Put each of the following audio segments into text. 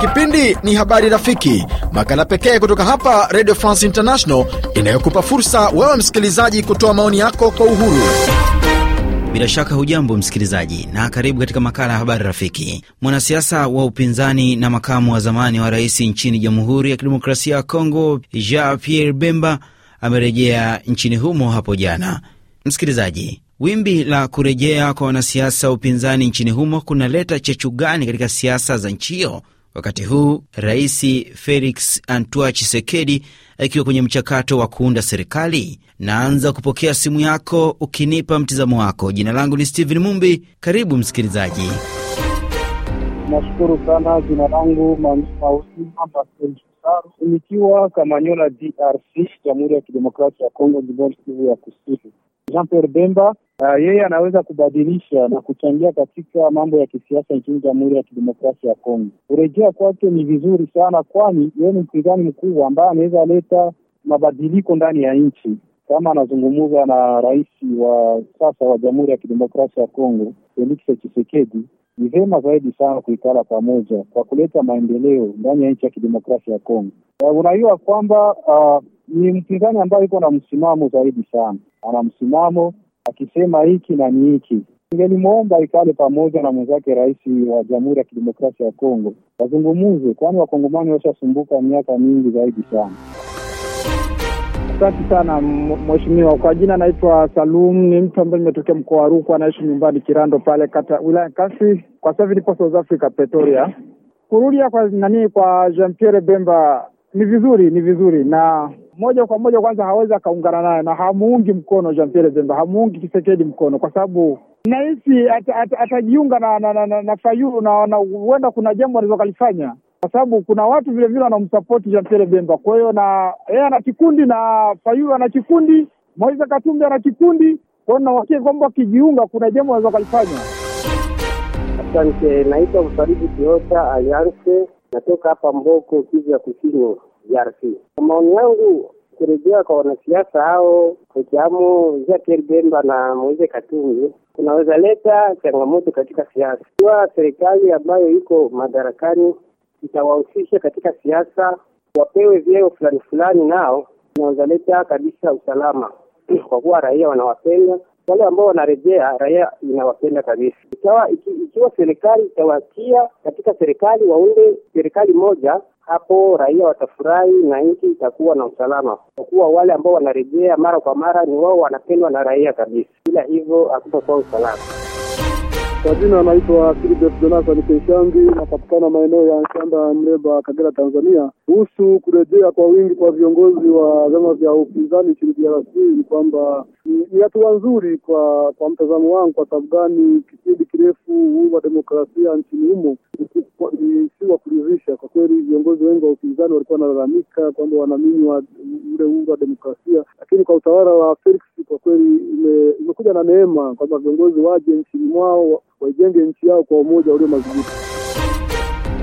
Kipindi ni Habari Rafiki, makala pekee kutoka hapa Radio France International inayokupa fursa wewe msikilizaji kutoa maoni yako kwa uhuru. Bila shaka hujambo msikilizaji, na karibu katika makala ya habari rafiki. Mwanasiasa wa upinzani na makamu wa zamani wa rais nchini Jamhuri ya Kidemokrasia ya Kongo, Jean Pierre Bemba amerejea nchini humo hapo jana. Msikilizaji, Wimbi la kurejea kwa wanasiasa wa upinzani nchini humo kunaleta chechu gani katika siasa za nchi hiyo, wakati huu Rais Felix Antoine chisekedi akiwa kwenye mchakato wa kuunda serikali? Naanza kupokea simu yako ukinipa mtizamo wako. Jina langu ni stehen Mumbi, karibu msikilizaji. Nashukuru sana. Jina langu Mausima nikiwa Kamanyola, DRC, Jamhuri ya Kidemokrasia ya Kongo, jimboni Kivu ya Kusini. Jean Pierre Bemba. Uh, yeye anaweza kubadilisha na kuchangia katika mambo ya kisiasa nchini Jamhuri ya Kidemokrasia ya Kongo. Kurejea kwake ni vizuri sana, kwani yeye ni mpinzani mkubwa ambaye anaweza leta mabadiliko ndani ya nchi, kama anazungumza na rais wa sasa wa Jamhuri ya Kidemokrasia ya Kongo Felix Tshisekedi. Ni vema zaidi sana kuikala pamoja kwa kuleta maendeleo ndani ya nchi ya kidemokrasia ya Kongo. Uh, unajua kwamba uh, ni mpinzani ambaye yuko na msimamo zaidi sana, ana msimamo akisema hiki na ni hiki. Ningelimwomba ikale pamoja na mwenzake rais wa Jamhuri ya Kidemokrasia ya Kongo wazungumuze, kwani wakongomani washasumbuka miaka mingi zaidi sana. Asante sana mheshimiwa. Kwa jina naitwa Salum, ni mtu ambaye nimetokea mkoa wa Rukwa, anaishi nyumbani Kirando pale kata wilaya Kasi. Kwa sasa hivi nipo South Africa, Pretoria. Kurudia kwa nani kwa Jean Pierre Bemba ni vizuri, ni vizuri na moja kwa moja kwanza hawezi akaungana naye na hamuungi mkono Jean Pierre Zemba, hamuungi Kisekedi mkono kwa sababu nahisi atajiunga at, at, na, na, na, na Fayulu na huenda kuna jambo alizokalifanya kwa sababu kuna watu vilevile wanamsapoti Jean Pierre Bemba. Kwa hiyo na yeye ana kikundi na Fayulu ana kikundi, Moise Katumbi ana kikundi. Kwa hiyo nawakia kwamba wakijiunga kuna jambo wanaweza Asante, naitwa Mfariji Kiota Alliance, natoka hapa Mboko, Kivu ya Kusini, DRC. Kwa maoni yangu kurejea kwa wanasiasa hao kujamu Jean-Pierre Bemba na Moise Katumbi kunaweza leta changamoto katika siasa. Kwa serikali ambayo iko madarakani itawahusisha katika siasa, wapewe vyeo fulani fulani, nao inaweza leta kabisa usalama, kwa kuwa raia wanawapenda wale ambao wanarejea, raia inawapenda kabisa. ikiwa serikali itawatia katika serikali, waunde serikali moja hapo raia watafurahi na nchi itakuwa na usalama, kwa kuwa wale ambao wanarejea mara kwa mara ni wao wanapendwa na raia kabisa, bila hivyo hakutakuwa usalama. Kwa jina anaitwa Philip Jonathan Keishambi, napatikana maeneo ya Nshamba, Mleba, Kagera, Tanzania. Kuhusu kurejea kwa wingi kwa viongozi wa vyama vya upinzani nchini DRC ni kwamba ni hatua nzuri kwa kwa mtazamo wangu. Kwa sababu gani? Kipindi kirefu huu wa demokrasia nchini humo si wa kuridhisha kwa kweli. Viongozi wengi wa upinzani walikuwa wanalalamika kwamba wanaminywa ule uhuru wa demokrasia, lakini kwa utawala wa Felix kwa kweli imekuja na neema kwamba viongozi waje nchini mwao waijenge nchi yao kwa umoja ulio madhubuti.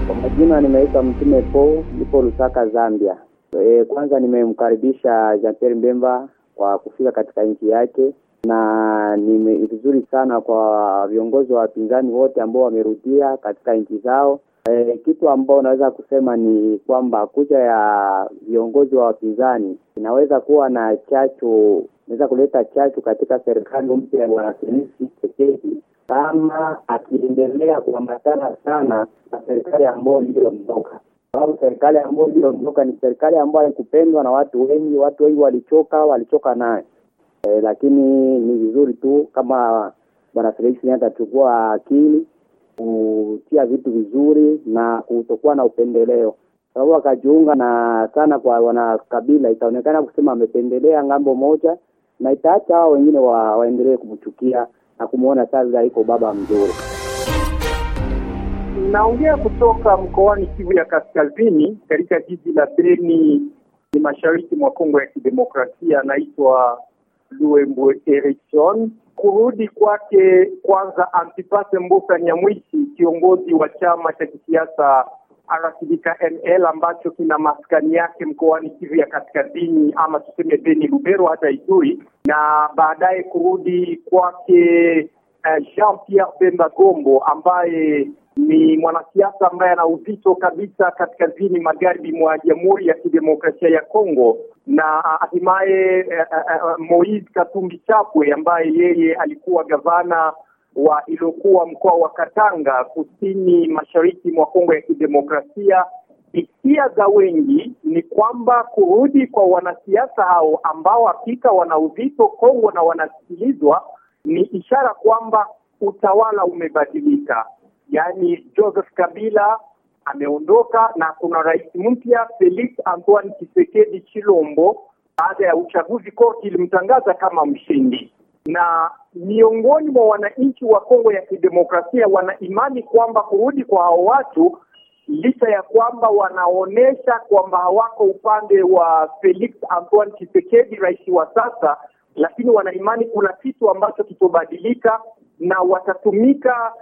Kwa majina nimeita Mtume Po, nipo Lusaka, Zambia. E, kwanza nimemkaribisha Jean Pierre Mbemba kwa kufika katika nchi yake na ni vizuri sana kwa viongozi wa wapinzani wote ambao wamerudia katika nchi zao. E, kitu ambao unaweza kusema ni kwamba kuja ya viongozi wa wapinzani inaweza kuwa na chachu inaweza kuleta chachu katika serikali mpya ya Bwana Felix Tshisekedi kama akiendelea kuambatana sana na serikali ambayo iliyomtoka sababu serikali ambayo iliyomtoka ni serikali ambayo haikupendwa na watu wengi. Watu wengi walichoka, walichoka naye e, lakini ni vizuri tu kama bwana Felix atachukua akili kutia vitu vizuri na kutokuwa na upendeleo, sababu akajiunga na sana kwa wanakabila, itaonekana kusema amependelea ngambo moja, na itaacha hao wengine wa, waendelee kumchukia na kumwona sasa iko baba mzuri. Naongea kutoka mkoani Kivu ya Kaskazini, katika jiji la Beni, ni mashariki mwa Kongo ya Kidemokrasia. Anaitwa Luembwe Erikson. Kurudi kwake kwanza, Antipase Mbusa Nyamwisi, kiongozi wa chama cha kisiasa rcd ambacho kina maskani yake mkoani Kivu ya Kaskazini, ama tuseme Beni, Lubero hata Ituri, na baadaye kurudi kwake uh, eh, Jean Pierre Bemba Gombo ambaye ni mwanasiasa ambaye ana uzito kabisa kaskazini magharibi mwa Jamhuri ya Kidemokrasia ya Kongo, na ah, hatimaye uh, uh, Moise Katumbi Chapwe ambaye yeye alikuwa gavana wa iliyokuwa mkoa wa Katanga kusini mashariki mwa Kongo ya Kidemokrasia. Hisia za wengi ni kwamba kurudi kwa wanasiasa hao ambao hakika wana uzito Kongo na wanasikilizwa ni ishara kwamba utawala umebadilika, yaani Joseph Kabila ameondoka na kuna rais mpya Felix Antoine Tshisekedi Chilombo. Baada ya uchaguzi, korti ilimtangaza kama mshindi na miongoni mwa wananchi wa Kongo ya Kidemokrasia wanaimani kwamba kurudi kwa hao watu licha ya kwamba wanaonyesha kwamba hawako upande wa Felix Antoine Tshisekedi, rais wa sasa, lakini wanaimani kuna kitu ambacho kitobadilika na watatumika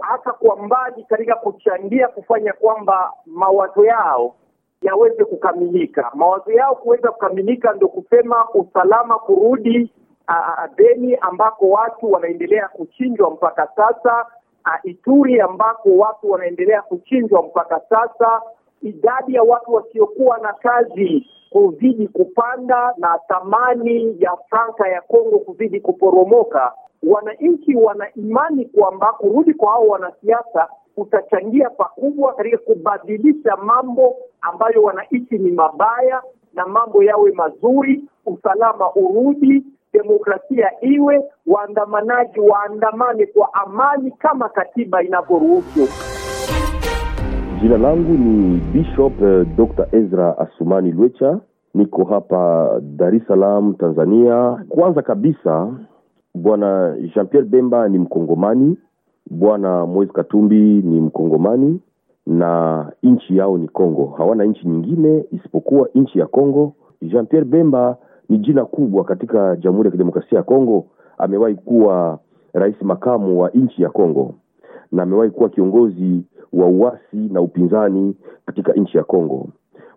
hata kwa mbali katika kuchangia kufanya kwamba mawazo yao yaweze kukamilika. Mawazo yao kuweza kukamilika ndio kusema usalama kurudi deni Beni ambako watu wanaendelea kuchinjwa mpaka sasa a, Ituri ambako watu wanaendelea kuchinjwa mpaka sasa. Idadi ya watu wasiokuwa na kazi kuzidi kupanda na thamani ya franka ya Kongo kuzidi kuporomoka. Wananchi wana imani kwamba kurudi kwa hao wanasiasa kutachangia pakubwa katika kubadilisha mambo ambayo wananchi ni mabaya na mambo yawe mazuri, usalama urudi demokrasia iwe, waandamanaji waandamane kwa amani kama katiba inavyoruhusu. Jina langu ni Bishop eh, Dr. Ezra Asumani Lwecha, niko hapa Dar es Salaam, Tanzania. Kwanza kabisa, bwana Jean Pierre Bemba ni Mkongomani, bwana Moise Katumbi ni Mkongomani na nchi yao ni Kongo, hawana nchi nyingine isipokuwa nchi ya Kongo. Jean Pierre Bemba ni jina kubwa katika Jamhuri ya Kidemokrasia ya Kongo. Amewahi kuwa rais makamu wa nchi ya Kongo na amewahi kuwa kiongozi wa uasi na upinzani katika nchi ya Kongo.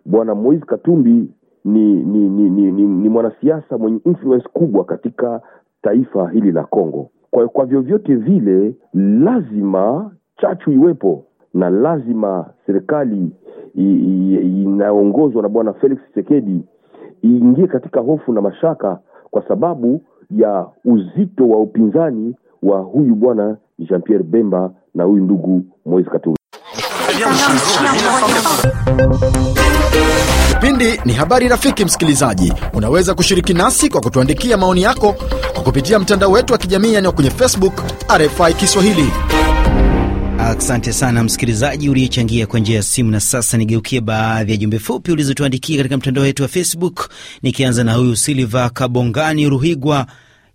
Bwana mois Katumbi ni ni ni, ni, ni, ni mwanasiasa mwenye influence kubwa katika taifa hili la Kongo. Kwa kwa vyovyote vile lazima chachu iwepo na lazima serikali inayoongozwa na Bwana Felix chisekedi iingie katika hofu na mashaka kwa sababu ya uzito wa upinzani wa huyu bwana Jean Pierre Bemba na huyu ndugu Moise Katumbi. Kipindi ni habari. Rafiki msikilizaji, unaweza kushiriki nasi kwa kutuandikia maoni yako kwa kupitia mtandao wetu wa kijamii, yani kwenye Facebook RFI Kiswahili. Asante sana msikilizaji uliyechangia kwa njia ya simu. Na sasa nigeukie baadhi ya jumbe fupi ulizotuandikia katika mtandao wetu wa Facebook, nikianza na huyu Silva Kabongani Ruhigwa.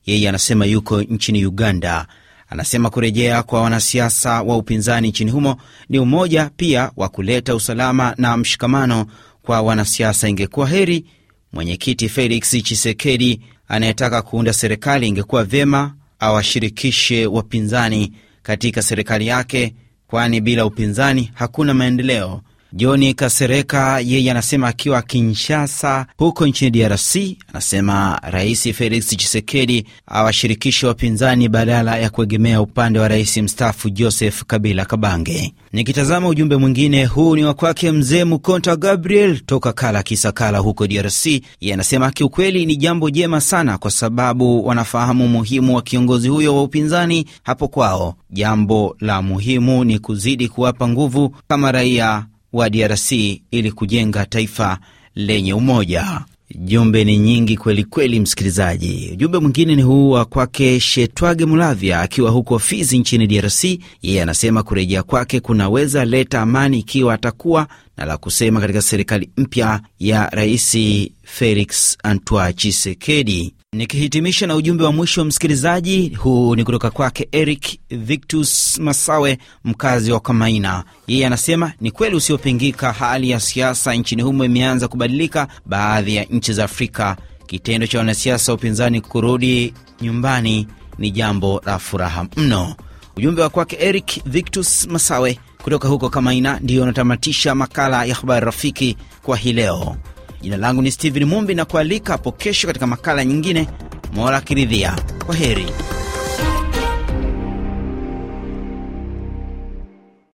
Yeye anasema yuko nchini Uganda. Anasema kurejea kwa wanasiasa wa upinzani nchini humo ni umoja pia wa kuleta usalama na mshikamano kwa wanasiasa. Ingekuwa heri mwenyekiti Felix Chisekedi anayetaka kuunda serikali, ingekuwa vyema awashirikishe wapinzani katika serikali yake kwani bila upinzani hakuna maendeleo John Kasereka yeye anasema akiwa Kinshasa huko nchini DRC, anasema Rais Felix Tshisekedi awashirikishe wapinzani badala ya kuegemea upande wa rais mstaafu Joseph Kabila Kabange. Nikitazama ujumbe mwingine, huu ni wa kwake mzee Mukonta Gabriel toka Kala Kisakala huko DRC. Yeye anasema kiukweli ni jambo jema sana, kwa sababu wanafahamu umuhimu wa kiongozi huyo wa upinzani hapo kwao. Jambo la muhimu ni kuzidi kuwapa nguvu kama raia wa DRC ili kujenga taifa lenye umoja. Jumbe ni nyingi kweli kweli, msikilizaji. Ujumbe mwingine ni huu wa kwake Shetwage Mulavya akiwa huko Fizi nchini DRC. Yeye anasema kurejea kwake kunaweza leta amani ikiwa atakuwa na la kusema katika serikali mpya ya Rais Felix Antoine chisekedi Nikihitimisha na ujumbe wa mwisho wa msikilizaji, huu ni kutoka kwake Eric Victus Masawe, mkazi wa Kamaina. Yeye anasema ni kweli usiopingika, hali ya siasa nchini humo imeanza kubadilika baadhi ya nchi za Afrika. Kitendo cha wanasiasa wa upinzani kurudi nyumbani ni jambo la furaha mno. Ujumbe wa kwake Eric Victus Masawe kutoka huko Kamaina ndiyo unatamatisha makala ya habari rafiki kwa hii leo. Jina langu ni stephen Mumbi na kualika hapo kesho katika makala nyingine, Mola kiridhia Kwa heri.